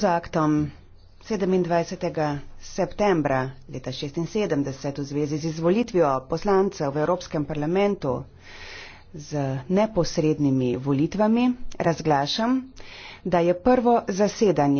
Z aktom 27. septembra leta 1976 v zvezi z izvolitvijo poslancev v Evropskem parlamentu z neposrednimi volitvami razglašam, da je prvo zasedanje